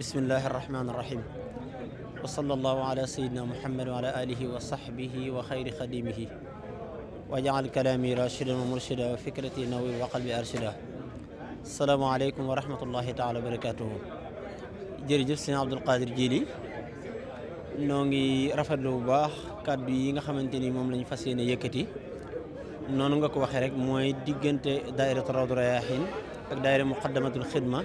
bismillahi irrahmani irrahim wa sallallahu ala sayidina muhammad wa ala alihi wa sahbihi wa xayri xadimihi wa jaal kalaami rashidan wa murshidan wa fikrati nawi wa qalbi arshida asalaamu aleykum wa rahmatullahi taala wa barakatuhu jërëjëf sëñ Abdul Qadir Jili noo ngi rafetlu bu baax kàddu yi nga xamante ni moom lañ fas yéene yëkkati noonu nga ko waxee rek mooy diggante daayiratu Rawdu Rayaahiin ak daayira Muqaddamatul Xidma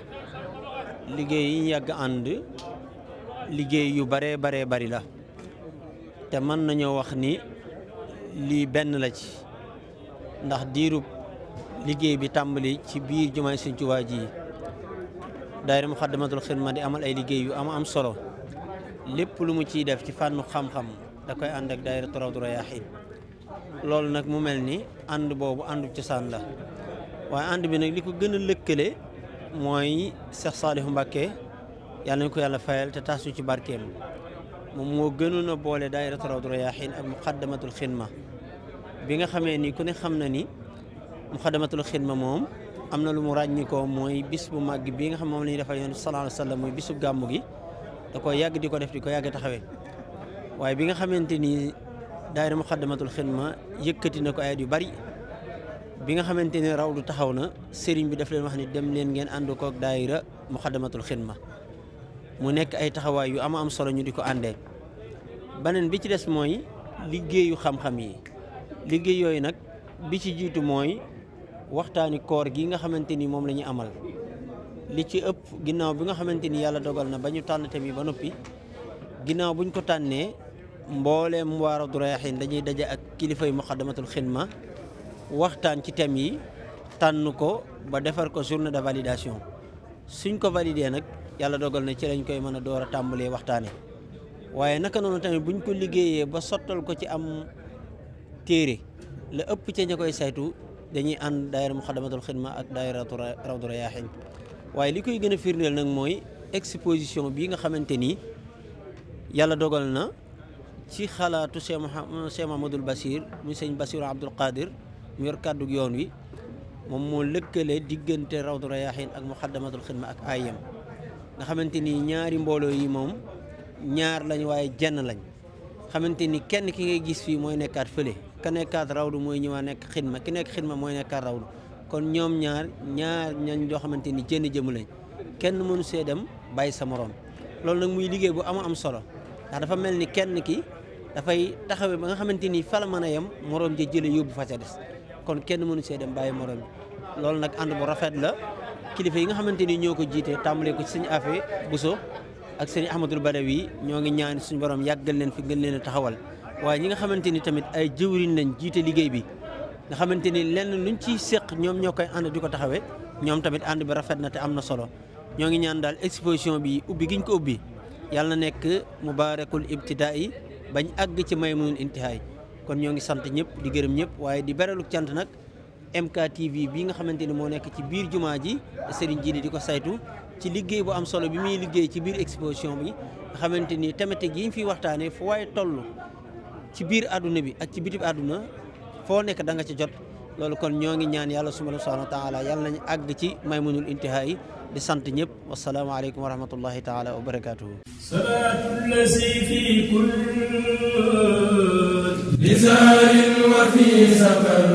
liggéey yi ñu yàgg ànd liggéey yu baree baree bari la te mën nañoo wax ni lii benn la ci ndax diirub liggéey bi tàmbali ci biir jumaay Sëñ Tuubaa ji daayira Muxaddamatul ma di amal ay liggéey yu am am solo lépp lu mu ciy def ci fànnu xam-xam da koy ànd ak daayira Rawdu Rayaahiin loolu nag mu mel ni ànd boobu àndu cosaan la waaye ànd bi nag li ko gën lëkkale mooy Cheikh Saliou Mbacké yàlla nañ ko yàlla fayal te taas ñu ci barkeem moom moo gënoon a boole daayiratu Rawdu Rayaahiin ak muqaddamatul xidma bi nga xamee ni ku ne xam na ni muqaddamatul xidma moom am na lu mu ràññikoo mooy bis bu màgg bi nga xam moom la ñuy defal yoon sallallaahu alayhi wa sallam bisu gàmmu gi da ko yàgg di ko def di ko yàgg taxawee waaye bi nga xamante ni daayira muqaddamatul xidma yëkkati na ko ayat yu bari bi nga xamante ne raw du taxaw na sëriñ bi daf leen wax ni dem leen ngeen ànd kook daayira muxaddamatul xidma mu nekk ay taxawaay yu ama am solo ñu di ko àndee beneen bi ci des mooy liggéeyu xam-xam yi liggéey yooyu nag bi ci jiitu mooy waxtaani koor gi nga xamante ni moom lañuy ñu amal li ci ëpp ginnaaw bi nga xamante ni yàlla dogal na ba ñu tànn tamit ba noppi ginnaaw buñ ko tànnee mbooleem waa Rawdu Rayaahiin dañuy daje ak kilifay muxaddamatul xidma waxtaan ci thèmes yi tànn ko ba defar ko journée de validation suñ ko validé nag yàlla dogal na ci lañ koy mën a door a tàmbalee waxtaane waaye naka noonu tamit buñ ko liggéeyee ba sottal ko ci am téere la ëpp ca ña koy saytu dañuy ànd daayira Muxaddamatul Xidma ak daayira Rawdu waaye li koy gën a firndeel nag mooy exposition bii nga xamante ni yàlla dogal na ci xalaatu Cheikh Mouhamadul Bachir mu sëñ Bachir Abdoul Qadir mu yor kàddug yoon wi moom moo lëkkale diggante rawdu rayaaxin ak muxaddamatul xidma ak ay yem nga xamante ni ñaari mbooloo yi moom ñaar lañu waaye jenn lañ xamante ni kenn ki ngay gis fii mooy nekkaat fële ka nekkaat rawdu mooy ñëwaat nekk xidma ki nekk xidma mooy nekkaat rawdu kon ñoom ñaar ñaar ñañ joo xamante ni jenn jëmu lañ kenn mënu see dem bàyyi sa moroom loolu nag muy liggéey bu amu am solo ndax dafa mel ni kenn ki dafay taxawe ba nga xamante ni fa la mën a yem moroom ja jële yóbbu fa ca des kon kenn mënu see dem bàyyi morom bi loolu nag ànd bu rafet la kilifa yi nga xamante ni ñoo ko jiite tàmbale ko ci sëñ Afe Buso ak sëñ Ahmadul Badawi ñoo ngi ñaan suñu borom yàggal leen fi gën leen a taxawal waaye ñi nga xamante ni tamit ay jëwriñ lañ jiite liggéey bi nga xamante ni lenn luñ ciy séq ñoom ñoo koy ànd di ko taxawee ñoom tamit ànd bi rafet na te am na solo ñoo ngi ñaan daal exposition bi ubbi giñ ko ubbi yàlla na nekk mubaarakul ibtidaa yi bañ àgg ci maymunul intihaay kon ñoo ngi sant ñëpp di gërëm ñëpp waaye di beralu cant nag MKTV bii nga xamante ni moo nekk ci biir jumaa ji Serigne Djily di ko saytu ci liggéey bu am solo bi muy liggéey ci biir exposition bi nga xamante ni thématique yi ñu fi waxtaanee fu waaye toll ci biir àdduna bi ak ci bitib àdduna foo nekk da nga ci jot loolu kon ñoo ngi ñaan yàlla suma subhaanahu wa taala yàlla nañu àgg ci may maymunul intihaa yi di sant ñëpp wasalaamaaleykum wa rahmatullahi taala wa barakaatuhu. زار وفي سفر